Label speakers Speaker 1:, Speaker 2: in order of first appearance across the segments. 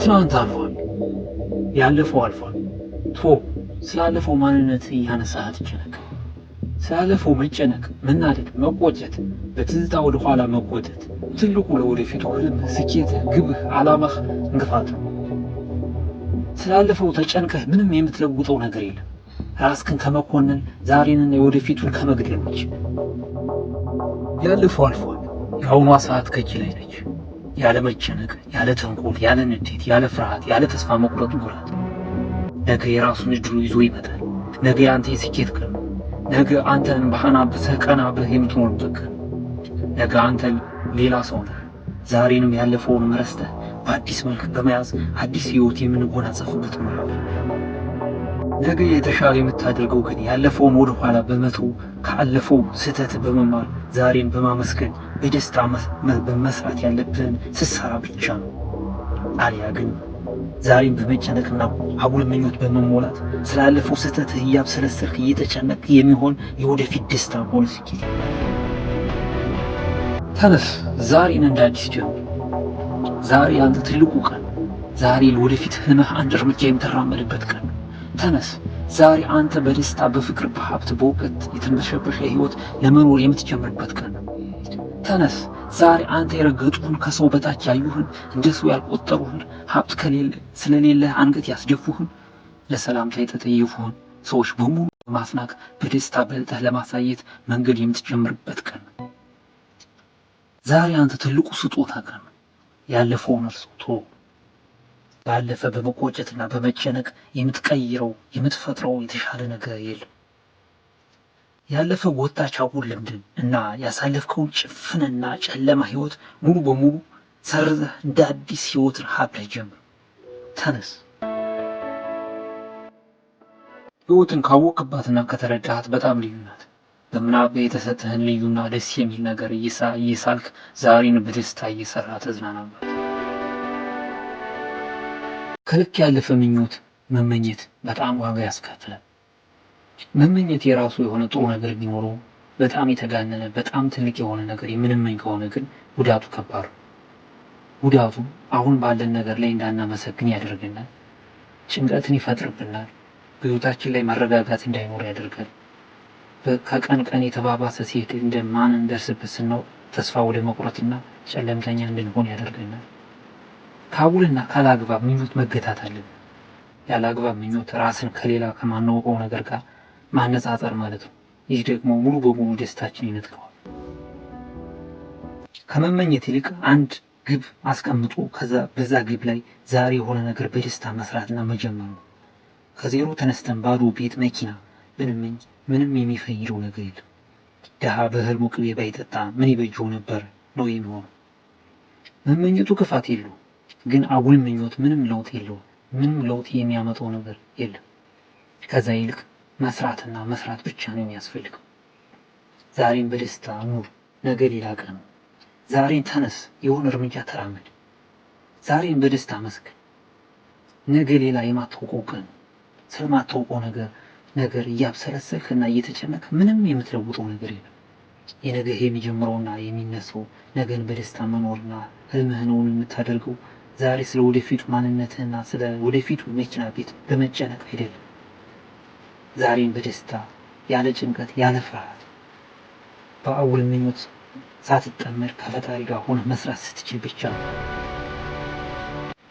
Speaker 1: ትናንት አልፏል፣ ያለፈው አልፏል። ቶ ስላለፈው ማንነት እያነሳ አትጨነቅ። ስላለፈው መጨነቅ፣ መናደድ፣ መቆጨት፣ በትዝታ ወደኋላ መጎተት ትልቁ ለወደፊቱ ህልም፣ ስኬት፣ ግብህ፣ አላማህ እንቅፋት ነው። ስላለፈው ተጨንቀህ ምንም የምትለውጠው ነገር የለም ራስክን ከመኮንን ዛሬንና የወደፊቱን ከመግደል ውጭ። ያለፈው አልፏል። የአሁኗ ሰዓት ከእጅ ላይ ነች። ያለ መጨነቅ፣ ያለ ተንኮል፣ ያለ ንዴት፣ ያለ ፍርሃት፣ ያለ ተስፋ መቁረጥ ይኖራል። ነገ የራሱን እድሉ ይዞ ይመጣል። ነገ የአንተ የስኬት ቀን፣ ነገ አንተን ባህና ብሰህ ቀና ብህ የምትኖርበት ቀን፣ ነገ አንተ ሌላ ሰው ነህ። ዛሬንም ያለፈውን መረስተህ በአዲስ መልክ በመያዝ አዲስ ህይወት የምንጎናጸፍበት ምዕራፍ ነገ የተሻለ የምታደርገው ግን ያለፈውን ወደኋላ በመተው ካለፈው ስህተት በመማር ዛሬን በማመስገን በደስታ በመስራት ያለብን ስትሰራ ብቻ ነው። አሊያ ግን ዛሬን በመጨነቅና አጉል ምኞት በመሞላት ስላለፈው ስህተት እያብሰለሰርክ እየተጨነቅ የሚሆን የወደፊት ደስታ ሆነ ስኬት። ተነስ፣ ዛሬን እንደ አዲስ ጀምር። ዛሬ አንተ ትልቁ ቀን፣ ዛሬ ለወደፊት ህመህ አንድ እርምጃ የምትራመድበት ቀን። ተነስ። ዛሬ አንተ በደስታ በፍቅር በሀብት በእውቀት የተንበሸበሸ ህይወት ለመኖር የምትጀምርበት ቀን ተነስ። ዛሬ አንተ የረገጡህን ከሰው በታች ያዩህን እንደ ሰው ያልቆጠሩህን ሀብት ከሌለ ስለሌለ አንገት ያስደፉህን ለሰላምታ የተጠየፉህን ሰዎች በሙሉ በማስናቅ በደስታ በልጠህ ለማሳየት መንገድ የምትጀምርበት ቀን ዛሬ አንተ ትልቁ ስጦታ ቀን ያለፈውን እርሶ እርሱ ባለፈ በመቆጨትና በመጨነቅ የምትቀይረው የምትፈጥረው የተሻለ ነገር የለም። ያለፈው ወጣቻውን ልምድን እና ያሳለፍከውን ጭፍንና ጨለማ ህይወት ሙሉ በሙሉ ሰርዘህ እንደ አዲስ ህይወትን ሀብለ ጀምር። ተነስ። ህይወትን ካወቅባትና ከተረዳሃት በጣም ልዩ ናት። ከምናብ የተሰጠህን ልዩና ደስ የሚል ነገር እየሳልክ ዛሬን በደስታ እየሰራ ተዝናናበት። ከልክ ያለፈ ምኞት መመኘት በጣም ዋጋ ያስከፍላል። መመኘት የራሱ የሆነ ጥሩ ነገር ቢኖረው በጣም የተጋነነ በጣም ትልቅ የሆነ ነገር የምንመኝ ከሆነ ግን ጉዳቱ ከባድ ጉዳቱ አሁን ባለን ነገር ላይ እንዳናመሰግን ያደርገናል። ጭንቀትን ይፈጥርብናል። በሕይወታችን ላይ መረጋጋት እንዳይኖር ያደርጋል። ከቀን ቀን የተባባሰ ሲሄድ እንደማን እንደርስበት ስናውቅ ተስፋ ወደ መቁረጥና ጨለምተኛ እንድንሆን ያደርገናል። ከአጉልና ካላግባብ ምኞት መገታት አለብን። ያላግባብ ምኞት ራስን ከሌላ ከማናውቀው ነገር ጋር ማነጻጸር ማለት ነው። ይህ ደግሞ ሙሉ በሙሉ ደስታችን ይነጥቀዋል። ከመመኘት ይልቅ አንድ ግብ አስቀምጦ ከዛ በዛ ግብ ላይ ዛሬ የሆነ ነገር በደስታ መስራትና መጀመር ነው። ከዜሮ ተነስተን ባዶ ቤት መኪና ብንመኝ ምንም የሚፈይደው ነገር የለም። ድሃ በህልሙ ቅቤ ባይጠጣ ምን ይበጀው ነበር ነው የሚሆነው። መመኘቱ ክፋት የለው ግን አጉል ምኞት ምንም ለውጥ የለውም። ምንም ለውጥ የሚያመጣው ነገር የለም። ከዛ ይልቅ መስራትና መስራት ብቻ ነው የሚያስፈልገው። ዛሬን በደስታ ኑር፣ ነገ ሌላ ቀን ነው። ዛሬን ተነስ፣ የሆነ እርምጃ ተራመድ። ዛሬን በደስታ መስገን፣ ነገ ሌላ የማታውቀው ቀን ነው። ስለማታውቀው ነገር ነገር እያብሰለሰልክ እና እየተጨነቅ ምንም የምትለውጠው ነገር የለም። የነገህ የሚጀምረውና የሚነሳው ነገን በደስታ መኖርና ህልምህን እውን የምታደርገው ዛሬ ስለ ወደፊቱ ማንነትህና ስለ ወደፊቱ መኪና ቤት በመጨነቅ አይደለም። ዛሬን በደስታ ያለ ጭንቀት ያለ ፍርሃት በአጉል ምኞት ሳትጠመድ ከፈጣሪ ጋር ሆነ መስራት ስትችል ብቻ ነው።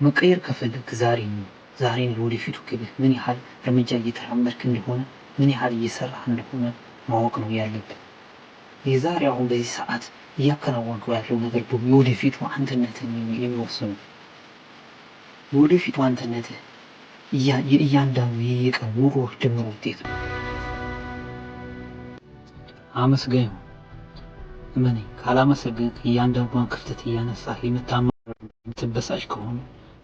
Speaker 1: መቀየር ከፈለግ ዛሬ ነው። ዛሬን ለወደፊቱ ግብህ ምን ያህል እርምጃ እየተራመድክ እንደሆነ ምን ያህል እየሰራህ እንደሆነ ማወቅ ነው ያለብን። የዛሬ አሁን በዚህ ሰዓት እያከናወንከው ያለው ነገር ወደፊቱ የወደፊቱ አንድነትን የሚወስኑ የወደፊቱ አንተነትህ እያንዳንዱ የየቀን ውሮ ድምር ውጤት ነው። አመስጋኝ እመኔ ካላመሰገንክ እያንዳንዷን ክፍተት እያነሳህ የምታማ የምትበሳጭ ከሆነ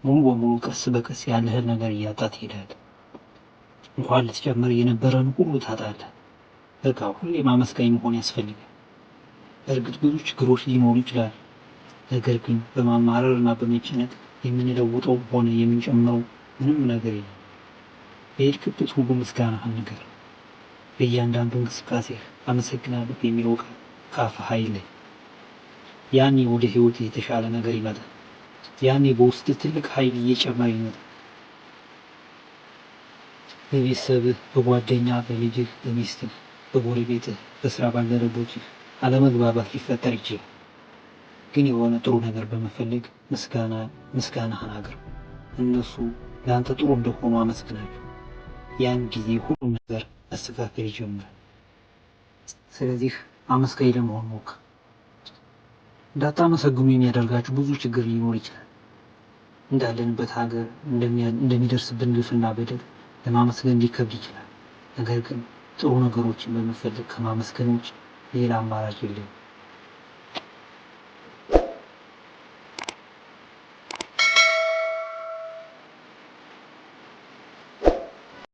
Speaker 1: ሙሉ በሙሉ ቀስ በቀስ ያለህን ነገር እያጣ ትሄዳለህ። እንኳን ልትጨምር የነበረን ሁሉ ታጣለ። በቃ ሁሌም አመስጋኝ መሆን ያስፈልጋል። እርግጥ ብዙ ችግሮች ሊኖሩ ይችላል። ነገር ግን በማማረር እና በመጨነቅ የምንለውጠው ሆነ የምንጨምረው ምንም ነገር የለም። በሄድክበት ሁሉ ምስጋና አንገር በእያንዳንዱ እንቅስቃሴህ አመሰግናለሁ የሚለው ቃል ከአፍህ ያኔ ወደ ህይወት የተሻለ ነገር ይመጣል። ያኔ በውስጥ ትልቅ ኃይል እየጨመረ ይመጣል። በቤተሰብህ፣ በጓደኛ፣ በልጅህ፣ በሚስትህ፣ በጎረቤትህ፣ በስራ ባልደረቦችህ አለመግባባት ሊፈጠር ይችላል። ግን የሆነ ጥሩ ነገር በመፈለግ ምስጋናህን አቅርብ። እነሱ ለአንተ ጥሩ እንደሆኑ አመስግናቸው። ያን ጊዜ ሁሉ ነገር መስተካከል ይጀምራል። ስለዚህ አመስጋኝ ለመሆን ሞክር። እንዳታመሰግኑ የሚያደርጋችሁ ብዙ ችግር ሊኖር ይችላል። እንዳለንበት ሀገር እንደሚደርስብን ግፍና በደል ለማመስገን ሊከብድ ይችላል። ነገር ግን ጥሩ ነገሮችን በመፈለግ ከማመስገን ውጭ ሌላ አማራጭ የለም።